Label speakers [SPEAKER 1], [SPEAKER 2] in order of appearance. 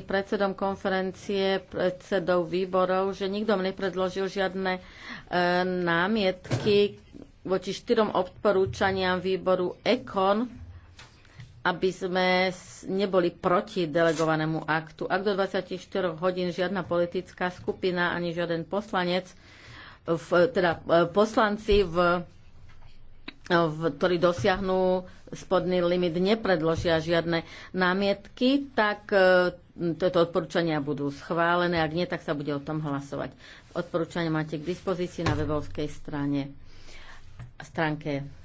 [SPEAKER 1] písomný predsedom konferencie predsedov výborov, že nikto nepredložil žiadne e, námietky voči štyrom odporúčaniam výboru EKON, aby sme neboli proti delegovanému aktu. Ak do 24 hodín žiadna politická skupina ani žiaden poslanec, v, teda e, poslanci v ktorí dosiahnu spodný limit, nepredložia žiadne námietky, tak e, tieto odporúčania budú schválené. Ak nie, tak sa bude o tom hlasovať. Odporúčania máte k dispozícii na webovskej strane stránke